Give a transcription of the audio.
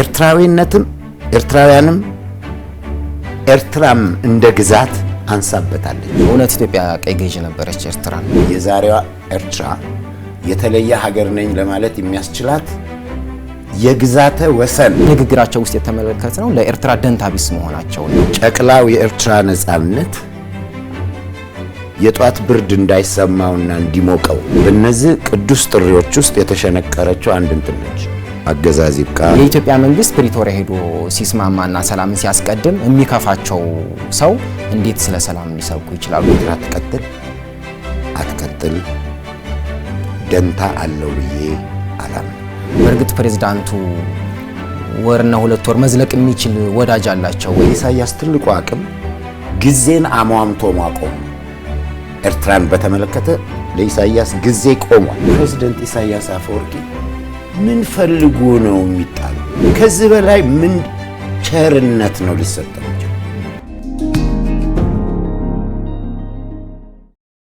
ኤርትራዊነትም ኤርትራውያንም ኤርትራም እንደ ግዛት አንሳበታለች። እውነት ኢትዮጵያ ቀይ ገዥ ነበረች ኤርትራ። የዛሬዋ ኤርትራ የተለየ ሀገር ነኝ ለማለት የሚያስችላት የግዛተ ወሰን ንግግራቸው ውስጥ የተመለከት ነው። ለኤርትራ ደንታቢስ መሆናቸው ነው። ጨቅላው የኤርትራ ነጻነት የጧት ብርድ እንዳይሰማውና እንዲሞቀው በእነዚህ ቅዱስ ጥሪዎች ውስጥ የተሸነቀረችው አንድ እንትን ነች። አገዛዝ ይብቃ። የኢትዮጵያ መንግስት ፕሪቶሪያ ሄዶ ሲስማማና ሰላምን ሲያስቀድም የሚከፋቸው ሰው እንዴት ስለ ሰላም ሊሰብኩ ይችላሉ? ኤርትራ ትቀጥል አትቀጥል ደንታ አለው ብዬ አላምንም። በእርግጥ ፕሬዚዳንቱ ወርና ሁለት ወር መዝለቅ የሚችል ወዳጅ አላቸው። ኢሳያስ ትልቁ አቅም ጊዜን አሟምቶ ማቆም። ኤርትራን በተመለከተ ለኢሳያስ ጊዜ ቆሟል። ፕሬዚደንት ኢሳያስ አፈወርቂ ምን ፈልጎ ነው የሚጣሉ? ከዚህ በላይ ምን ቸርነት ነው ሊሰጠው